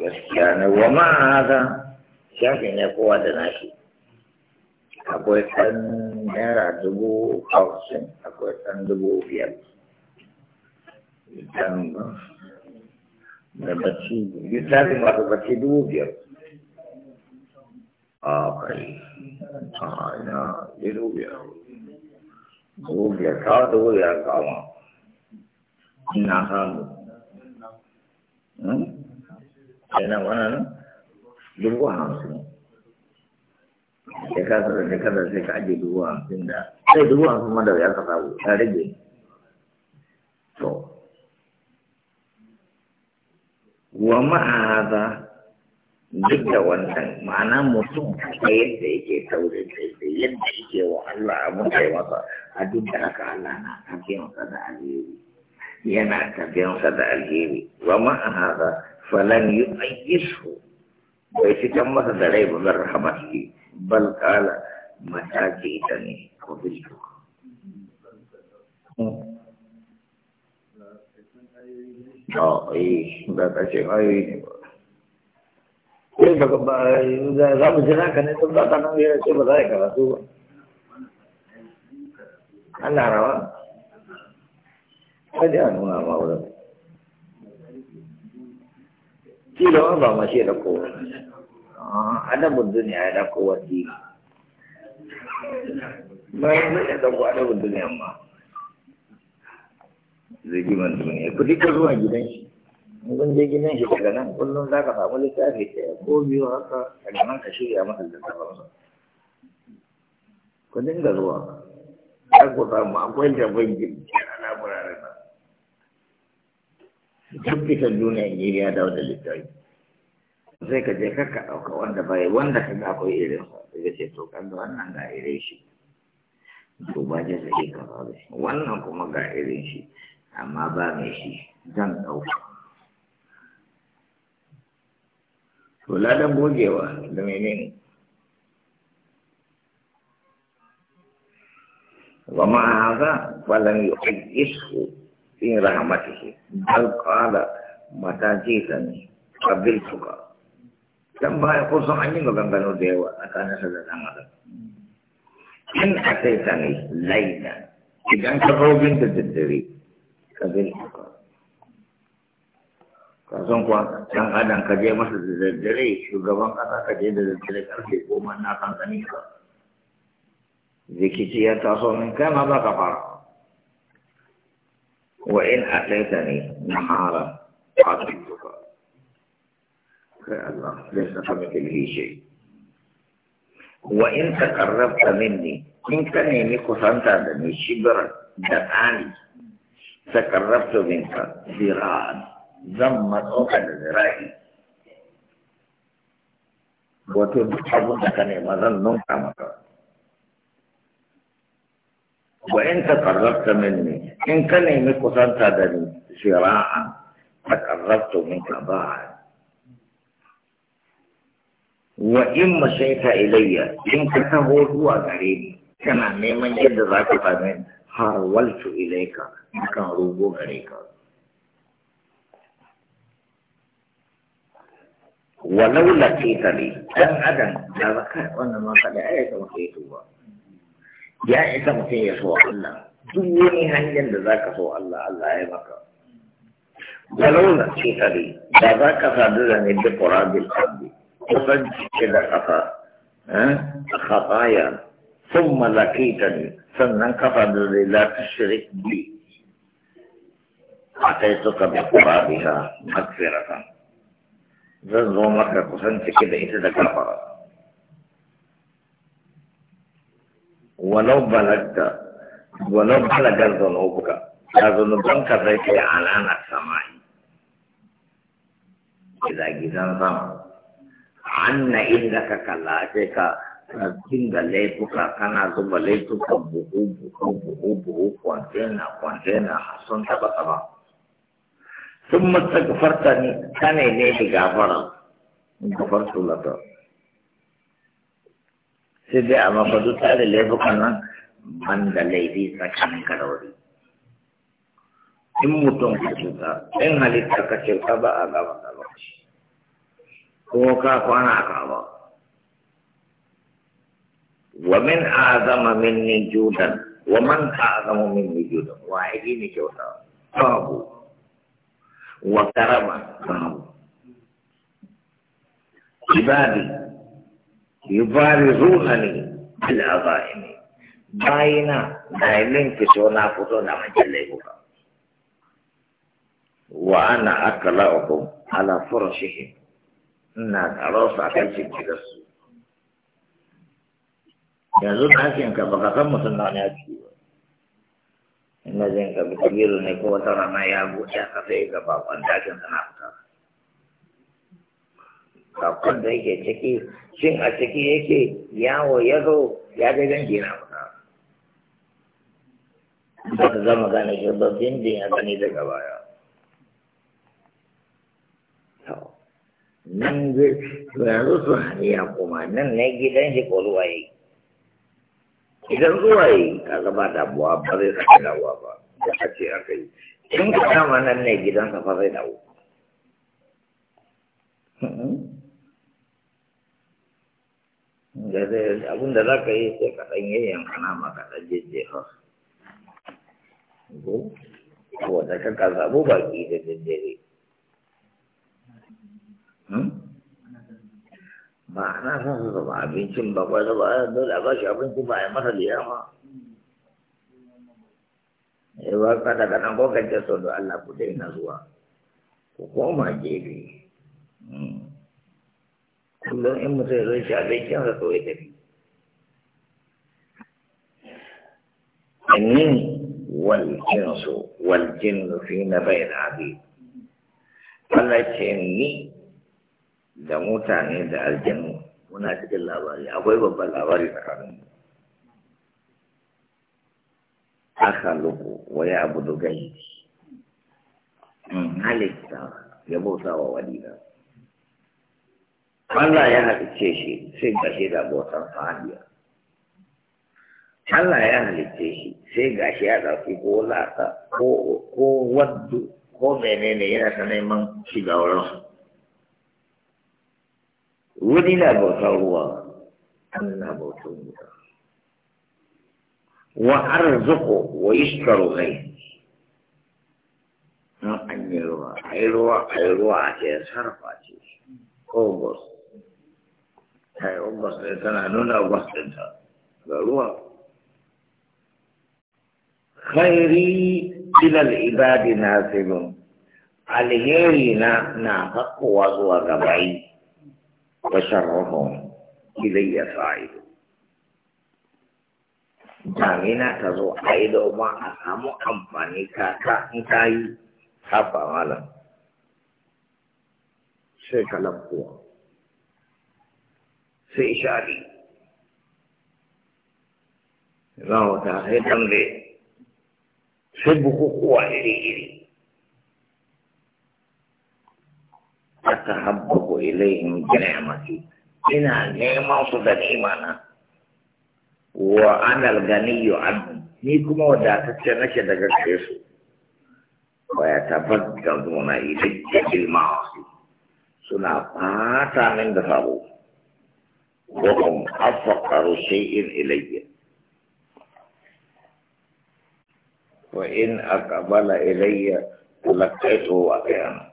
gaskiya ne wa ma haka shafi ne kowa da nashi akwai ɗan naira dubu hamsin akwai ɗan dubu biyar dan da bacci littafin masu bacci dubu biyar a kai a ina dubu biyar dubu biyar kawo dubu biyar kama ina samu hmm? yana wannan dubu hamsin shekara da shekara sai ka ajiye dubu hamsin da sai dubu hamsin ma da ya ka samu ta rage to wa ma'aza duk da wannan ma'ana mutum ta yadda yake taurin da oh, yadda yake wa Allah abin da ya masa a duk da haka Allah na tafiyansa da alheri yana tafiyansa da alheri wa ma'aza فلن يؤيشه ويتكم مثل ذلك من رحمته بل قال متى جئتني قبلتك اه ايه بقى شيء ايه Sai ka ba za a jira ka ne tun ba ta nan ya ce ba za a kila ba ma shi da kowa adabin duniya ya da kowa dini bayan zai ya dauko adabin duniya ma zai man duniya ku duka zuwa gidan shi kun je gidan shi daga nan kullum za ka samu littafi ɗaya ko biyu haka daga nan ka shirya masa littafansa ku dinga zuwa ya ku samu akwai da bangin duk bisan duniya ne ya dawo da littafi sai ka je ka ka ɗauka wanda bai wanda ka ga akwai irin sa daga ce to kan wannan ga irin shi to ba je sai ka ba wannan kuma ga irin shi amma ba mai shi zan ɗauka to ladan gogewa da menene wa ma'aza haka falan yuhayyishu في رحمته بل قال متى جئتني قبلتك كم ما يقول صحيح وكم كانوا ديوة أكان سدد عمدا إن أتيتني ليلا إذا كفروا بنت الدري قبلتك kasan kuwa dan adam ka je masa da daddare shugaban kasa ka je da daddare karfe goma na kan ka rikici ya taso min kai ma ba ka fara وإن أتيتني نهارا عصيتك يا الله ليس كمثله شيء وإن تقربت مني إن كان يميك سنتادني شبرا دفعني تقربت منك ذراعا زمت أوكد ذراعي وتبحث كان مظنك مكان وإن تقربت مني إن كان يملك سنت هذا الزراعة تقربت منك بعد وإن مشيت إلي إن كان هو هو غريب كما ميمن نعم يد ذاك من حاولت إليك إن كان روبو غريب ولو لقيت لي أن أدى لا ذكاء وأنا ما قد أعيك مخيطوها يا إذا مخيطوها الله duk wani hanyar da za ka so Allah Allah ya baka galauna ce tare da za ka sadu da ne da kurabil abdi kusan cike da kafa a kafaya sun malakaita ne sannan kafa da zai lati shirik bi a kai suka bi kurabiha makfirata zan zo maka kusan cike da ita da kafa walau balagta ولو بلغ ذنوبك ذنوبك ذيك علانة السماء إذا جيزان سما عنا ka كلاتك kinga laifuka kana zuba laifuka buhu buhu buhu buhu kwantena kwantena har sun taba taba sun mastagfarta ne kane ne da gafara gafartu laka sai dai a mafadu tare laifukan nan banda laifi tsakanin ka da wuri in mutum ka cuta in halitta ka cuta ba a gaba ka lokaci ko ka kwana a kaba wa min azama minni judan wa man azama minni judan wa aji ni kyauta babu wa karama babu ibadi yubarizunani bil azaimi bayina na ilin fito na fito da manyan laifuka wa ana akala uku ala furashihim ina tsaro su akan cikinsu yanzu ɗakin ka baka san mutum na wani aiki ba ina jin ka bi kabiru ne ko wata rana ya buɗe ka sai ga bakon ɗakin sana fita bakon da yake ciki shin a ciki yake yawo ya zo ya ga gangi na ba ba ta zama gane shugabbin din ya gani daga baya nan zai yanzu su haniya kuma nan ne gidan shi ko ruwa yi idan ruwa yi ka gaba damuwa ba zai sake dawowa ba da ake aka yi in ka kama nan ne gidan sa fa zai dawo hmm. da zai abinda za ka yi sai ka ɗan yayyanka nama ka ɗan jejjefa ko wanda ka kazabu baki da daddare ba hmm? ana son su zama abincin ba kwai da ba dole a ba shi abinci ba a yi masa liyama ya eh, ba ka daga nan ko kan so da Allah ku dai na zuwa ku koma gefe hmm. kullum in mutum ya zo shi abincin sa to ya tafi. Amin. والإنس والجن fi na العبيد Allah ce ni da mutane da aljanu muna cikin labari akwai babban labari tsakanin aka luku wa ya abu da gani halitta ya bauta wa walida Allah ya ce shi sai ga da bautan fahimiyar Allah ya halitte shi sai gashi ya ɗauki ko lata ko waddu ko menene yana ta neman shiga wurin wani na bautar ruwa an na bautar ruwa wa arzuku wa iskaru gai na an yi ruwa a yi ruwa a yi ruwa a ce sarfa ce ko bus ta yi bus ɗin tana nuna bus ɗinta ga ruwa khairi ila al-ibadi nasilun alheri na na haƙowa zuwa ga bayi wa sharruhum ilayya sa'id damina ta zo a yi ma a samu amfani kaka in ka yi haɓa malam sai kalan kuwa sai shari zan wuta sai tambaye sai bukukuwa iri-iri aka habbaku ilayhim ni'mati ina neman su da imana wa anal ganiyyu anhu ni kuma wadatacce nake daga gare su wa ya tabaddaluna ilayya bil ma'asi suna fata min da sabo wa hum afqaru shay'in ilayya وإن أقبل إلي تلقيته وأقيامه